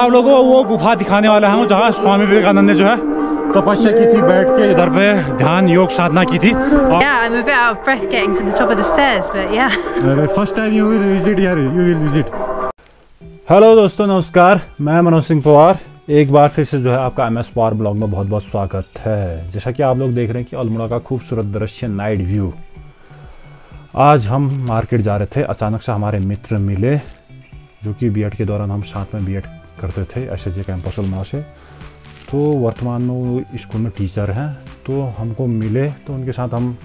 आप लोगों को वो गुफा दिखाने वाला हूँ जहाँ स्वामी विवेकानंद ने जो है तपस्या की थी बैठ के इधर पे ध्यान योग साधना की थी और yeah, I'm a bit out of breath getting to the top of the stairs, but yeah. First time you will visit here, you will visit. Hello दोस्तों नमस्कार मैं मनोज सिंह पवार एक बार फिर से जो है आपका एम एस पवार ब्लॉग में बहुत बहुत स्वागत है जैसा कि आप लोग देख रहे हैं कि अल्मोड़ा का खूबसूरत दृश्य नाइट व्यू आज हम मार्केट जा रहे थे अचानक से हमारे मित्र मिले जो कि बीएड के दौरान हम साथ में बीएड करते थे एस कैंपस उलमा से तो वर्तमान में वो स्कूल में टीचर हैं तो हमको मिले तो उनके साथ हम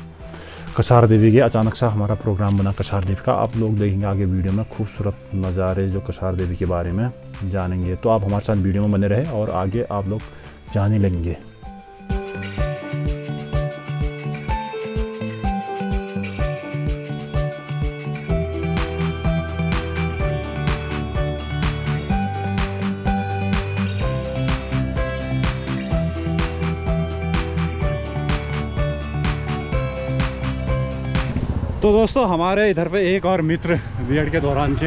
कसार देवी के अचानक सा हमारा प्रोग्राम बना कसार देवी का आप लोग देखेंगे आगे वीडियो में खूबसूरत नज़ारे जो कसार देवी के बारे में जानेंगे तो आप हमारे साथ वीडियो में बने रहे और आगे आप लोग जाने लगेंगे तो दोस्तों हमारे इधर पे एक और मित्र बी के दौरान के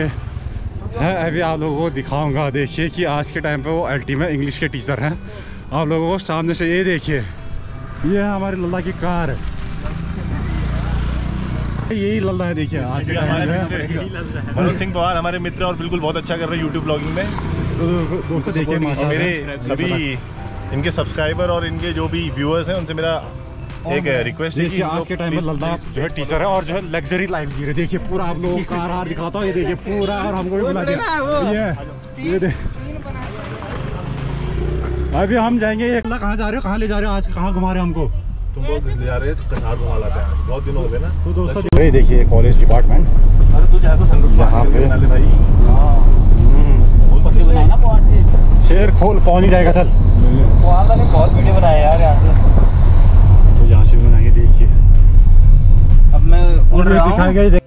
हैं अभी आप लोगों को दिखाऊंगा देखिए कि आज के टाइम पे वो एल में इंग्लिश के टीचर हैं आप लोगों को सामने से ये देखिए ये है हमारी लल्ला की कार है यही लल्ला है देखिए आज के टाइम मनोज सिंह पवार हमारे मित्र और बिल्कुल बहुत अच्छा कर रहे हैं यूट्यूब ब्लॉगिंग में तो दोस्तों देखिए मेरे सभी इनके सब्सक्राइबर और इनके जो भी व्यूअर्स हैं उनसे मेरा एक रिक्वेस्ट है कि आज के टाइम में लद्दाख जो है टीचर है और जो है लग्जरी लाइफ जी रहे देखिए पूरा आप लोगों को कार दिखाता हूँ ये देखिए पूरा और हमको भी बुला दिया ये ये देख अभी हम जाएंगे ये कहाँ जा रहे हो कहाँ ले जा रहे हो आज कहाँ घुमा रहे हो हमको तुम लोग ले जा रहे हो कसार घुमा हैं बहुत दिन हो गए ना तो दोस्तों ये देखिए कॉलेज डिपार्टमेंट अरे तू तो यहाँ पे भाई हम्म। शेर खोल कौन ही जाएगा सर बहुत वीडियो बनाया यार यहाँ से 啊。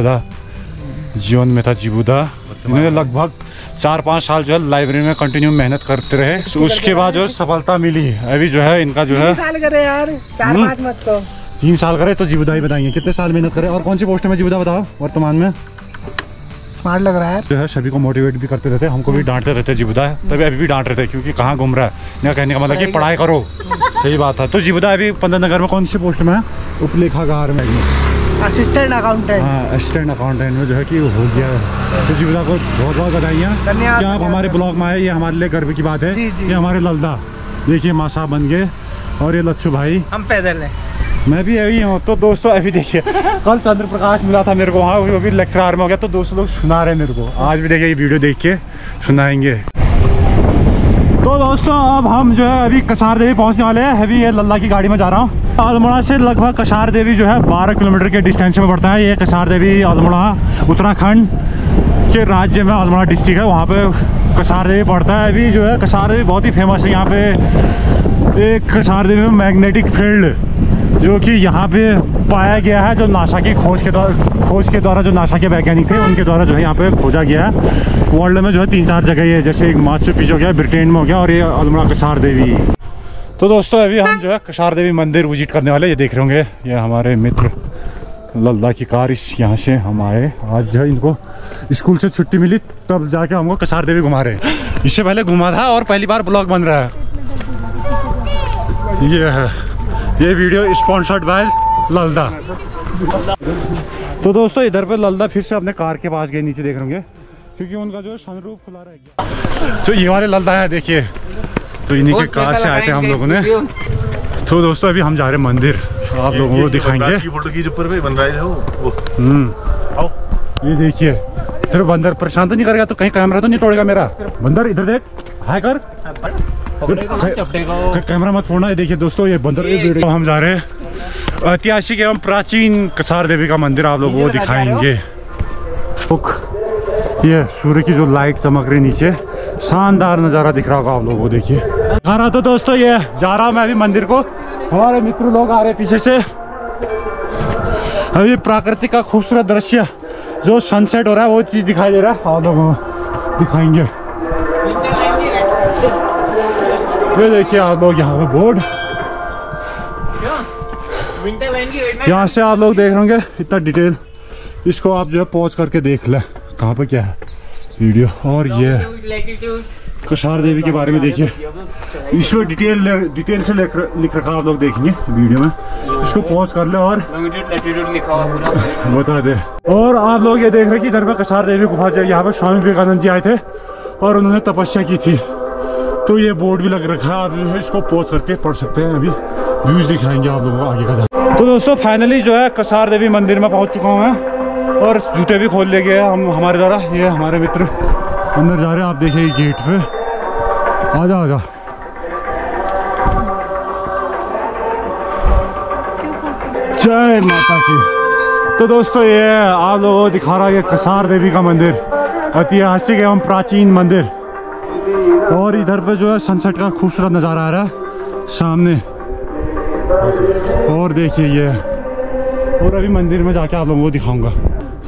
ज़्यादा जीवन में था जीबू था इन्होंने लगभग चार पाँच साल जो है लाइब्रेरी में कंटिन्यू मेहनत करते रहे तो उसके बाद जो है सफलता मिली अभी जो है इनका जो है तीन साल करे हम्म। तो ही बताइए कितने साल मेहनत करे और कौन सी पोस्ट में जीवदा बताओ वर्तमान में स्मार्ट लग रहा है जो है सभी को मोटिवेट भी करते रहते हमको भी डांटते रहते जीवदा तभी अभी भी डांट रहे थे क्योंकि कहाँ घूम रहा है यहाँ कहने का मतलब कि पढ़ाई करो सही बात है तो जीवदा अभी पंद्रह नगर में कौन सी पोस्ट में है उपलेखागार में असिस्टेंट अकाउंटेंट हाँ असिस्टेंट अकाउंटेंट में जो है कि हो गया तो जी को बहुत बहुत बधाइयाँ कि आप हमारे ब्लॉग में आए ये हमारे लिए गर्व की बात है ये हमारे ललदा देखिए मासा बन गए और ये लच्छू भाई हम पैदल हैं मैं भी अभी हूँ तो दोस्तों अभी देखिए कल चंद्र प्रकाश मिला था मेरे को वहाँ वो भी लेक्चरार में हो गया तो दोस्तों लोग सुना रहे हैं मेरे को आज भी देखिए ये वीडियो देख के सुनाएंगे तो दोस्तों अब हम जो है अभी कसार देवी पहुँचने वाले हैं अभी ये लल्ला की गाड़ी में जा रहा हूँ अल्मोड़ा से लगभग कसार देवी जो है 12 किलोमीटर के डिस्टेंस में पड़ता है ये कसार देवी अल्मोड़ा उत्तराखंड के राज्य में अल्मोड़ा डिस्ट्रिक्ट है वहाँ पे कसार देवी पड़ता है अभी जो है कसार देवी बहुत ही फेमस है यहाँ पे एक कसार देवी में मैग्नेटिक फील्ड जो कि यहाँ पे पाया गया है जो नासा की खोज के द्वारा खोज के द्वारा जो नासा के वैज्ञानिक थे उनके द्वारा जो है यहाँ पे खोजा गया है वर्ल्ड में जो है तीन चार जगह है जैसे एक माचू पीछे हो गया ब्रिटेन में हो गया और ये अल्मोड़ा कसार देवी तो दोस्तों अभी हम जो है कशार देवी मंदिर विजिट करने वाले ये देख रहे होंगे ये हमारे मित्र लल्ला की कार इस यहाँ से हम आए आज जो है इनको स्कूल से छुट्टी मिली तब जाके हमको कसार देवी घुमा रहे इससे पहले घुमा था और पहली बार ब्लॉग बन रहा है ये है ये वीडियो स्पॉन्सर्ड बाय ललदा तो दोस्तों इधर पे ललदा फिर से अपने कार के पास गए नीचे देख रहे होंगे क्योंकि उनका जो सनरूफ खुला रहेगा तो ये वाले ललदा है देखिए तो इन्हीं के कार से आए थे हम लोगों ने तो दोस्तों अभी हम जा रहे हैं मंदिर आप लोगों को दिखाएंगे हम्म। ये देखिए फिर बंदर परेशान तो नहीं करेगा तो कहीं कैमरा तो नहीं तोड़ेगा मेरा बंदर इधर देख हाय कर कैमरा मत फोड़ना देखिए दोस्तों ये बंदर ये तो हम जा रहे हैं ऐतिहासिक एवं प्राचीन कसार देवी का मंदिर आप लोगों को दिखाएंगे ये सूर्य की जो लाइट चमक रही नीचे शानदार नज़ारा दिख रहा होगा आप लोगों को देखिए रहा तो दोस्तों ये जा रहा मैं अभी मंदिर को हमारे मित्र लोग आ रहे पीछे से अभी प्राकृतिक का खूबसूरत दृश्य जो सनसेट हो रहा है वो चीज़ दिखाई दे रहा है और लोगों दिखाएंगे ये देखिए आप लोग यहाँ पे बोर्ड यहाँ से आप लोग देख रहे होंगे इतना डिटेल इसको आप जो है पॉज करके देख ले कहाँ पे क्या है वीडियो और ये कसार देवी के बारे में देखिए इसमें डिटेल डिटेल से लिख रखा आप लोग देखेंगे वीडियो में इसको पॉज कर ले और बता दे और आप लोग ये देख रहे कि इधर में कसार देवी गुफा जाए यहाँ पर स्वामी विवेकानंद जी आए थे और उन्होंने तपस्या की थी तो ये बोर्ड भी लग रखा है आप जो है इसको पॉज करके पढ़ सकते हैं अभी व्यूज दिखाएंगे आप लोगों को आगे का तो दोस्तों फाइनली जो है कसार देवी मंदिर में पहुंच चुका हूँ मैं और जूते भी खोल ले गए हम हमारे द्वारा ये हमारे मित्र अंदर जा रहे हैं आप देखिए गेट पे आ जा आ जा जय माता की तो दोस्तों ये आप लोगों को दिखा रहा है कसार देवी का मंदिर ऐतिहासिक एवं प्राचीन मंदिर और इधर पे जो है सनसेट का खूबसूरत नज़ारा आ रहा है सामने और देखिए ये और अभी मंदिर में जाके आप लोगों को दिखाऊंगा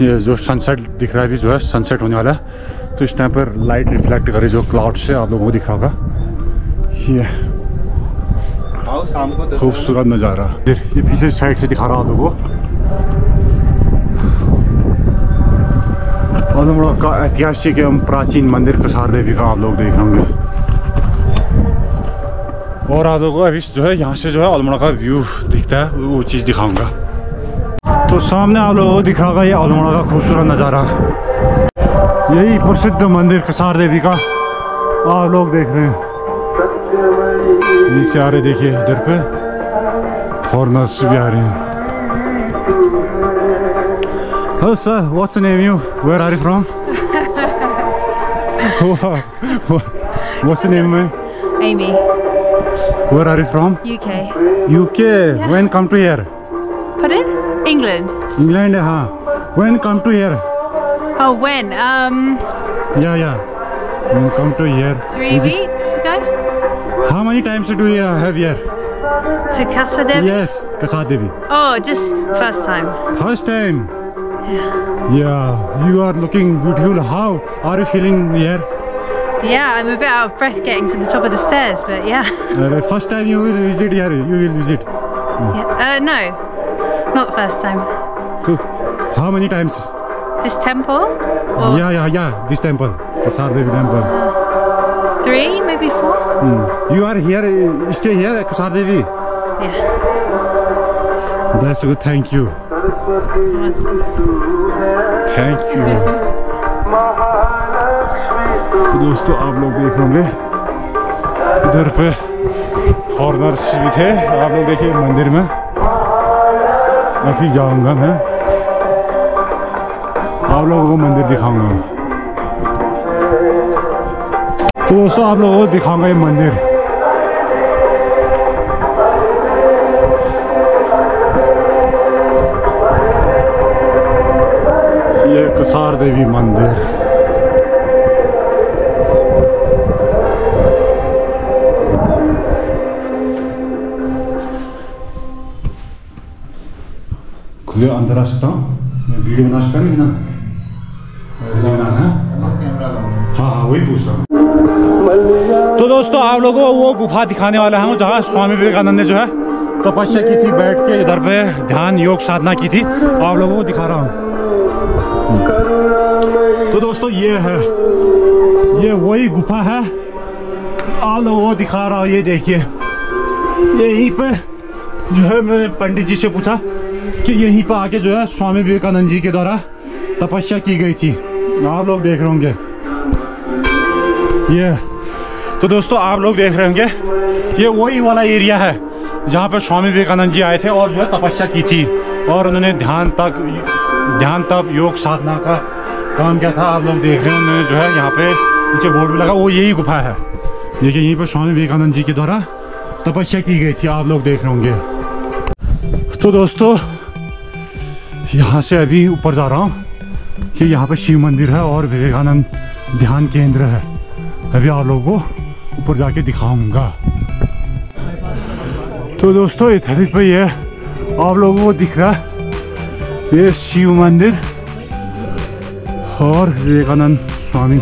ये जो सनसेट दिख रहा है अभी जो है सनसेट होने वाला है तो इस टाइम पर लाइट रिफ्लेक्ट करे जो क्लाउड से आप लोगों को दिखा होगा ये खूबसूरत नज़ारा फिर ये पीछे साइड से दिखा रहा आप लोगों को और हम लोग का ऐतिहासिक एवं प्राचीन मंदिर कसार देवी का आप लोग देख रहे होंगे और आप लोगों को अभी जो है यहाँ से जो है अल्मोड़ा का व्यू दिखता है वो चीज़ दिखाऊंगा तो सामने आप लोगों को दिखाऊंगा ये अल्मोड़ा का खूबसूरत नज़ारा यही प्रसिद्ध मंदिर कसार देवी का आप लोग देख रहे हैं नीचे आ रहे देखिए इधर पे फॉरनर्स भी आ रहे हैं hello sir what's name you where are you from what's name ma'am Amy where are you from UK UK when come to here पर इन इंग्लैंड इंग्लैंड हां when come to here Oh, when? Um. Yeah, yeah. When come to here. Three Is weeks it? ago. How many times do you uh, have here? To Kasadevi? Yes, Kasadevi. Oh, just first time. First time? Yeah. Yeah, you are looking beautiful. How are you feeling here? Yeah, I'm a bit out of breath getting to the top of the stairs, but yeah. Uh, first time you will visit here, you will visit? Yeah. Uh, no, not first time. Cool. How many times? This temple? Or? Yeah, yeah, yeah. This temple. The Sardevi temple. Three, maybe four? Mm. You are here, stay here at Sardevi. Yeah. That's good. Thank you. Awesome. Thank you. तो दोस्तों आप लोग देख होंगे इधर पे foreigners भी थे आप लोग देखिए मंदिर में अभी जाऊंगा मैं आप लोगों को मंदिर दिखाऊंगा तो दोस्तों आप लोगों को दिखाऊंगा ये मंदिर ये कसार देवी मंदिर खुले अंदर आ सकता हूँ वीडियो बना सकता नहीं ना वही पूछ रहा हूँ तो दोस्तों आप लोगों को वो गुफा दिखाने वाला हूँ जहाँ स्वामी विवेकानंद ने जो है तपस्या की थी बैठ के इधर पे ध्यान योग साधना की थी आप लोगों को दिखा रहा हूँ तो दोस्तों ये है ये वही गुफा है आप लोगों को दिखा रहा हूँ ये देखिए यहीं पे जो है मैंने पंडित जी से पूछा कि यहीं पे आके जो है स्वामी विवेकानंद जी के द्वारा तपस्या की गई थी आप लोग देख रहे होंगे ये तो दोस्तों आप लोग देख रहे होंगे ये वही वाला एरिया है जहाँ पर स्वामी विवेकानंद जी आए थे और जो तपस्या की थी और उन्होंने ध्यान तक ध्यान तप योग साधना का काम क्या था आप लोग देख रहे हैं उन्होंने जो है यहाँ पे नीचे बोर्ड भी लगा वो यही गुफा है देखिए यहीं पर स्वामी विवेकानंद जी के द्वारा तपस्या की गई थी आप लोग देख रहे होंगे तो दोस्तों यहाँ से अभी ऊपर जा रहा हूँ कि यहाँ पर शिव मंदिर है और विवेकानंद ध्यान केंद्र है अभी आप लोगों को ऊपर जाके दिखाऊंगा तो दोस्तों थरी पे ये आप लोगों को दिख रहा है ये शिव मंदिर और विवेकानंद स्वामी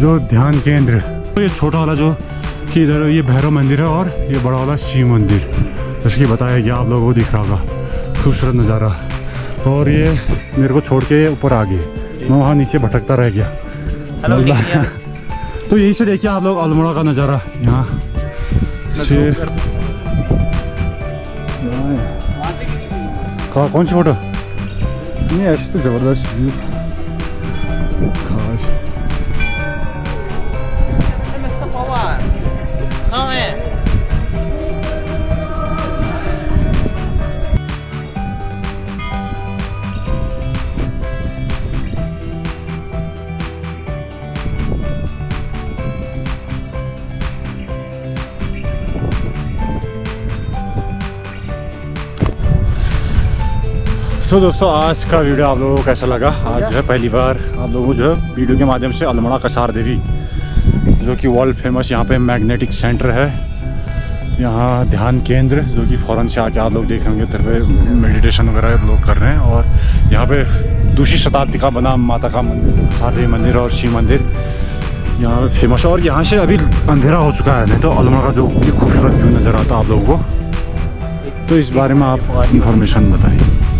जो ध्यान केंद्र तो ये छोटा वाला जो कि इधर ये भैरव मंदिर है और ये बड़ा वाला शिव मंदिर जैसे बताया गया आप लोगों को दिख रहा होगा खूबसूरत नज़ारा और ये मेरे को छोड़ के ऊपर आ गए मैं वहाँ नीचे भटकता रह गया तो यहीं से देखिए आप लोग अल्मोड़ा का नज़ारा यहाँ कौन सी फोटो नहीं ऐसे तो ज़बरदस्त व्यू सो दोस्तों आज का वीडियो आप लोगों को कैसा लगा आज जो है पहली बार आप लोगों को जो है वीडियो के माध्यम से अल्मोड़ा कसार देवी जो कि वर्ल्ड फेमस यहाँ पे मैग्नेटिक सेंटर है यहाँ ध्यान केंद्र जो कि फ़ौरन से आके आप लोग देखेंगे होंगे मेडिटेशन वगैरह लोग कर रहे हैं और यहाँ पे दूसरी शताब्दी का बना माता का मंदिर हारवी मंदिर और शिव मंदिर यहाँ पर फेमस और यहाँ से अभी अंधेरा हो चुका है नहीं तो अल्मोड़ा का जो खूबसूरत व्यू नज़र आता आप लोगों को तो इस बारे में आप इन्फॉर्मेशन बताइए